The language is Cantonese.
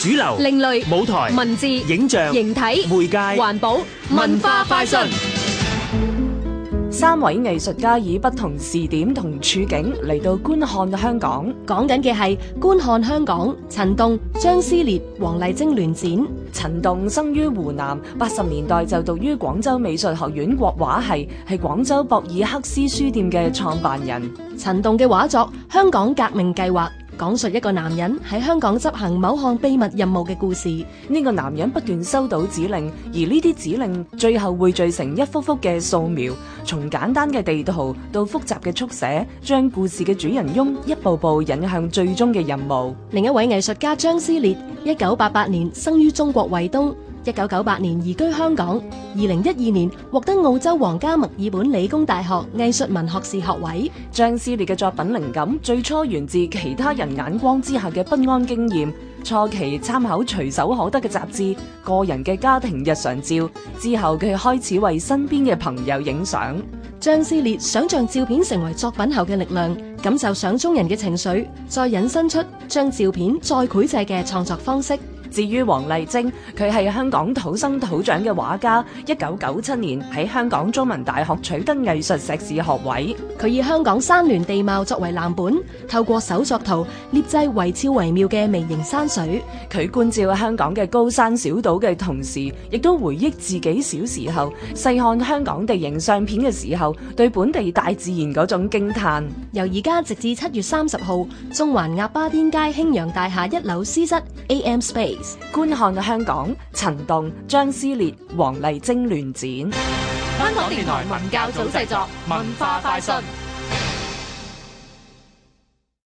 主流、另類舞台、文字、影像、形體、媒介、環保、文化快訊。三位藝術家以不同時點同處境嚟到觀看，觀看香港，講緊嘅係觀看香港。陳棟、張思烈、黃麗貞聯展。陳棟生於湖南，八十年代就讀於廣州美術學院國畫系，係廣州博爾克斯書店嘅創辦人。陳棟嘅畫作《香港革命計劃》。講述一個男人喺香港執行某項秘密任務嘅故事。呢個男人不斷收到指令，而呢啲指令最後匯聚成一幅幅嘅素描，從簡單嘅地圖到複雜嘅速寫，將故事嘅主人翁一步步引向最終嘅任務。另一位藝術家張思烈，一九八八年生於中國惠東。一九九八年移居香港，二零一二年獲得澳洲皇家墨爾本理工大學藝術文學士學位。張思烈嘅作品靈感最初源自其他人眼光之下嘅不安經驗，初期參考隨手可得嘅雜誌、個人嘅家庭日常照，之後佢開始為身邊嘅朋友影相。張思烈想象照片成為作品後嘅力量，感受相中人嘅情緒，再引申出將照片再繪製嘅創作方式。至於黃麗晶，佢係香港土生土長嘅畫家，一九九七年喺香港中文大學取得藝術碩士學位。佢以香港山巒地貌作為藍本，透過手作圖捏製維肖維妙嘅微型山水。佢觀照香港嘅高山小島嘅同時，亦都回憶自己小時候細看香港地形相片嘅時候，對本地大自然嗰種驚歎。由而家直至七月三十號，中環鴨巴甸街興揚大廈一樓私室 AM Space。觀看嘅香港陳棟、張思烈、黃麗貞聯展。香港電台文教組製作，文化快訊。